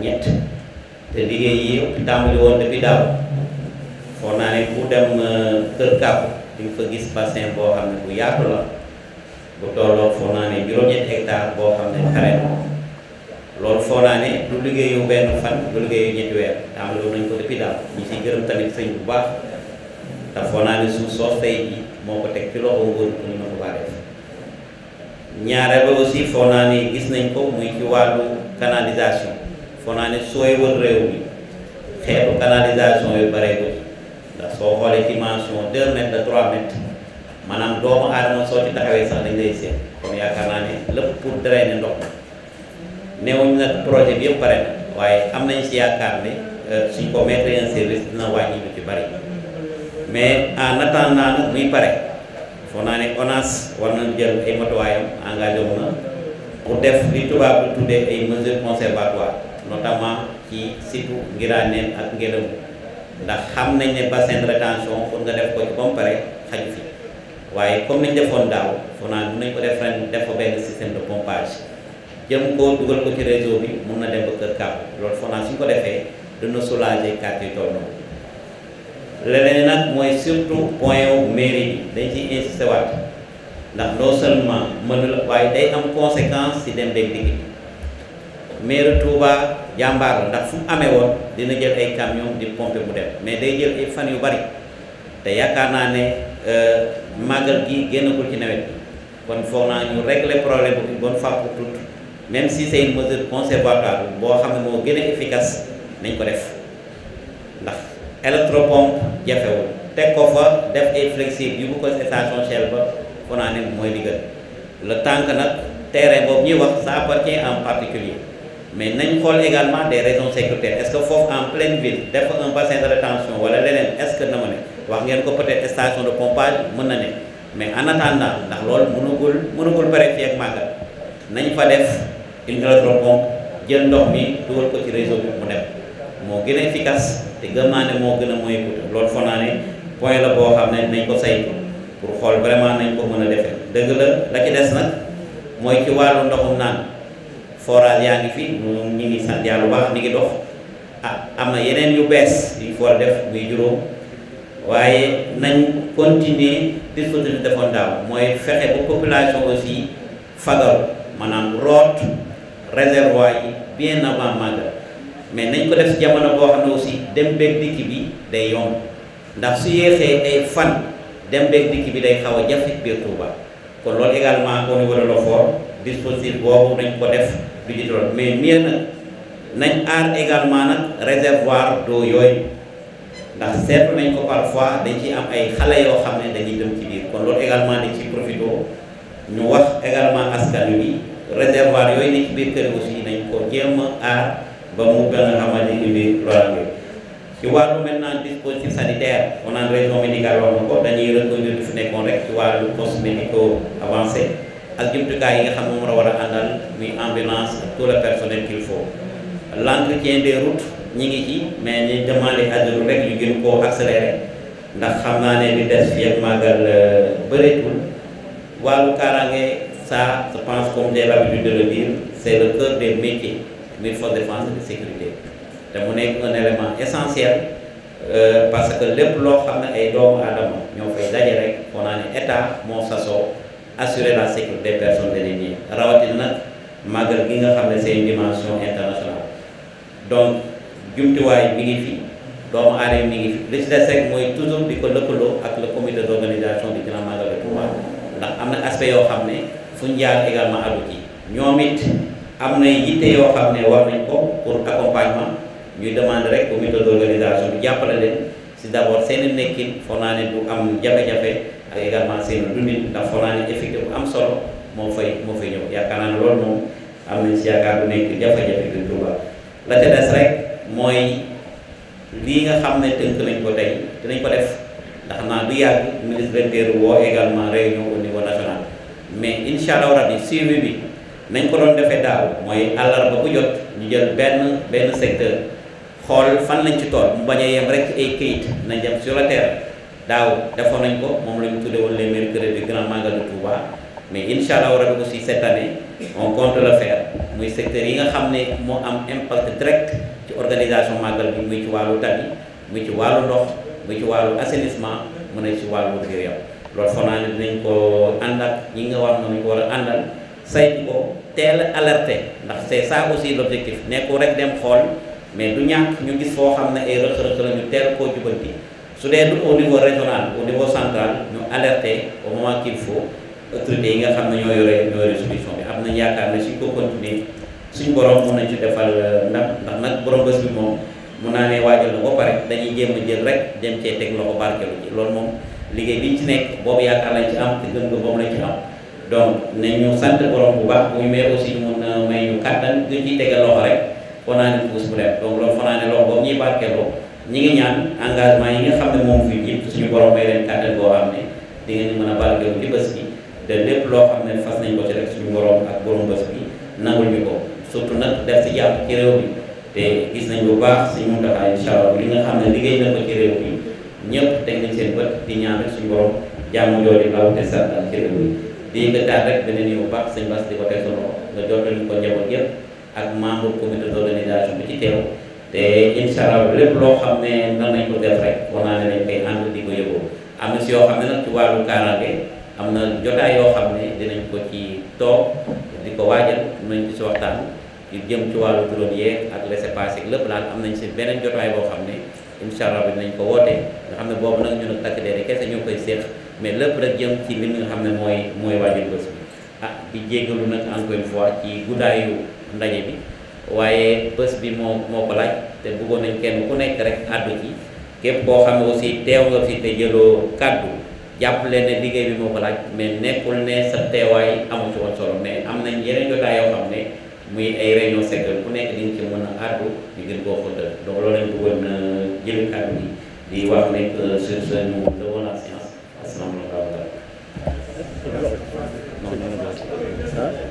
ñett te liggéey yi yëpp tàmbali woon depuis daaw foog naa dem euh, kër kàpp di fa gis bassin boo xam ne bu yaatu la bu tolloo foog naa ne juróom-ñetti hectare boo xam ne xare loolu foog naa ne du liggéeyu benn fan du liggéeyu ñetti weer tàmbali woon nañ ko depuis daaw ñu siy gërëm tamit sëñ bu baax te foog naa ne suuf moo ko teg ci loxo nguur pour ñu mën ko faa def ñaareel aussi foog gis nañ ko muy ci wàllu canalisation. foog naa ne sooy wër réew mi xeetu canalisation yu bareegul ndax soo xoolee dimension 2 mètres de 3 mètres maanaam doomu aadama soo ci taxawee sax dañ lay seet kon yaakaar naa ne lépp pour drainer ndox mi nag projet yëpp pare na waaye am nañ si yaakaar ne euh, suñ ko mettre en service dina wàññi lu ci bari mais en attendant nag muy pare foog naa ne ONAS war na jël ay matuwaayam engagé wu na pour def li tubaab bi tuddee ay mesures conservatoires. notamment ci surtout Ngiraneen ak Ngélémou ndax xam nañ ne bassin de rétention pour nga def ko ci ba mu fi waaye comme nañ defoon daaw fonaan naa dinañ ko def ren def ko benn système de pompage jëm ko dugal ko ci réseau bi mun na dem ba kër kaaw loolu foog naa suñ ko defee dina soulager quartier tool noonu leneen nag mooy surtout point wu mairie bi dañ ciy insisté waat ndax non seulement mën na la waaye day am conséquence si dem beeg digg maire Touba jàmbaar la ndax fu mu amee woon dina jël ay camion di pompe mu dem mais day jël ay fan yu bari te yaakaar naa ne euh, màggal gi génnagul ci nawet bi kon foog naa ñu régler problème bu bon fois pour toutes même si c'est une mesure conservatoire boo xam ne moo gën a efficace nañ ko def ndax électropompe jafewul teg ko fa def ay flexible yu bu ko station Shell ba foog naa ne mooy li gën le nag terrain boobu ñuy wax ça appartient en particulier mais nañ xool également des raisons sécuritaires est-ce que foofu en pleine ville def un bassin de rétention wala leneen est-ce que na ma ne wax ngeen ko peut-être station de pompage mën na ne mais en attendant ndax loolu mënugul mënugul pare fii ak màggal nañ fa def une électropompe jël ndox mi dugal ko ci réseau bi mu dem moo gën a efficace te gën naa ne moo gën a moyen coûteux loolu foog naa ne point la boo xam ne nañ ko saytu pour xool vraiment nañ ko mën a defee la la des nag mooy ci wàllu ndoxum naan. forage yaa ngi fii moom ñu ngi sant yàlla bu ngi dox ah am na yeneen yu bees yu ñu ko def muy juróom waaye nañ continuer dispositif bi defoon daaw mooy fexe bu population aussi fagaru maanaam root réservoir yi bien avant màggal mais nañ ko def jamono boo xam ne aussi dem beeg dikk bi day yomb ndax su yéexee ay fan dem beeg dikk bi day xaw a jafe biir Touba kon loolu également au niveau de l'OFOR dispositif boobu nañ ko def. bi ci doon mais mieux nag nañ aar également nag réservoir d'eau yooyu ndax seetlu nañ ko parfois dañ ci am ay xale yoo xam ne dañuy dem ci biir kon loolu également dañ ciy profité ñu wax également askan wi réservoir yooyu ne ci biir kër aussi nañ ko jéem a aar ba mu gën a xamal ni ni loolu ci wàllu maintenant dispositif sanitaire on a région médicale rek ci wàllu poste médico avancé ak jumtukaay yi nga xam moom la war a àndal muy ambulance tout le personnel qu'il faut l' entretien ñi ngi ci mais ñu demandé àddalu rek ñu gën koo accéléré ndax xam naa ne li des fii ak màggal euh, bëreetul wàllu kaaraange ça je pense comme j'ai l'habitude de le dire c' le cœur des métiers muy force de de sécurité te mu nekk un élément essentiel euh, parce que lépp loo xam ne ay doomu aadama ñoo fay daje rek on a ne état moo sasoo assurer la sécurité personnelle yi rawatina nag màggal gi nga xam ne seen une dimension internationale donc jumtuwaay mi ngi fi doomu aadama mi ngi fi li ci des rek mooy toujours di ko lëkkaloo ak le comité d'organisation du grand magal de Touba ndax am na aspect yoo xam ne fu ñu jaar également alu ci ñoom it am na yitte yoo xam ne war nañ ko pour accompagnement ñuy demande rek comité d'organisation bi jàppale leen si d'abord seen nekkin foog naa ne bu am jafe ak également seen dundin ndax foog naa ne effectif bu am solo moo fay moo fay ñëw yaakaar naa ne loolu moom am nañ si yaakaar bu nekk jafe-jafe bi Touba la rek mooy lii nga xam ne tënk nañ ko tey dinañ ko def ndax naa du yàgg ministre de l'Intérieur woo également réunion au niveau national mais incha allah rabi suivi bi nañ ko doon defee daaw mooy ba bu jot ñu jël benn benn secteur xool fan lañ ci tool mu bañ a yem rek ci ay kayit nañ dem sur le terrain. daaw defoon nañ ko moom la ñu tuddee woon les mercredis du grand magal de Touba mais incha allah rabi aussi cette année on compte le faire muy secteur yi nga xam ne moo am impact direct ci organisation magal bi muy ci wàllu tali muy ci wàllu ndox muy ci wàllu assainissement mun ne ci wàllu biir yow loolu foog naa ne dinañ ko ànd ak ñi nga war nañu ko war a àndal saytu ko teel a alerté ndax c'est ça aussi l'objectif nekkul rek dem xool mais du ñànk ñu gis foo xam ne ay rëq-rëq la ñu su dee au niveau régional au niveau central ñu alerter au moment qu'il faut autorités yi nga xam ne ñoo yore ñoo yore bi am nañ yaakaar ne suñ ko continuer suñ borom mun nañ ci defal euh, ndax ndax nag borom bés bi moom mun naa ne waajal na ba pare dañuy jéem jël rek dem cee teg loxo barkeelu ci loolu moom liggéey bi ci nekk boobu ci am te gëm nga boobu lañ ci am donc sant borom bu baax muy mais aussi mun may ñu kàttan gën ciy tegal loxo rek foo naa ne puus bu dem donc naa ne loxo boobu ñuy barkeeloo ñi ngi ñaan engagement yi nga xam ne moom fi ñëpp suñu borom may leen kàttan boo xam ne di ngeen mën a barkeel ci bés bi te lépp loo xam ne fas nañ ko ci rek suñu borom ak borom bës bi nangul ñu ko surtout nag def si jàpp ci bi te gis nañ bu baax si mun taxaa incha allah li nga xam ne liggéey na ko ci bi ñëpp teg nañ seen bët di ñaan rek suñu borom jàmm jooju law te sargal ci réew bi di nga daal rek beneen yow baax sëñ Bass di ko teg sa loxo ko njaboot yëpp ak membre comité d'organisation bi te incha allah lépp loo xam ne nan nañ ko def rek war naa ne dañ koy ànd di ko yóbbu am na si yoo xam ne nag ci wàllu kaaraange am na jotaay yoo xam ne dinañ ko ci toog di ko waajal nañ ci si waxtaan ki jëm ci wàllu drone yeeg ak laissez-passer lépp daal am nañ si beneen jotaay boo xam ne incha allah dinañ ko wootee nga xam ne boobu nag ñun ak takk der yi kese ñoo koy séq mais lépp rek jëm ci li nga xam ne mooy mooy waajal bés bi ah di jéggalu nag fois ci guddaayu ndaje bi waaye bës bi moo moo laaj te bëggoon nañ kenn ku nekk rek àddu ci képp koo xam ne aussi teew nga fi te jëloo kàddu jàpp leen ne liggéey bi moo ko laaj mais nekkul ne sa teewaay amu ci woon solo mais am nañ yeneen jotaay yoo xam ne muy ay réunion secteur ku nekk di nga ci mën a àddu di gën koo xóotal donc loolu euh, a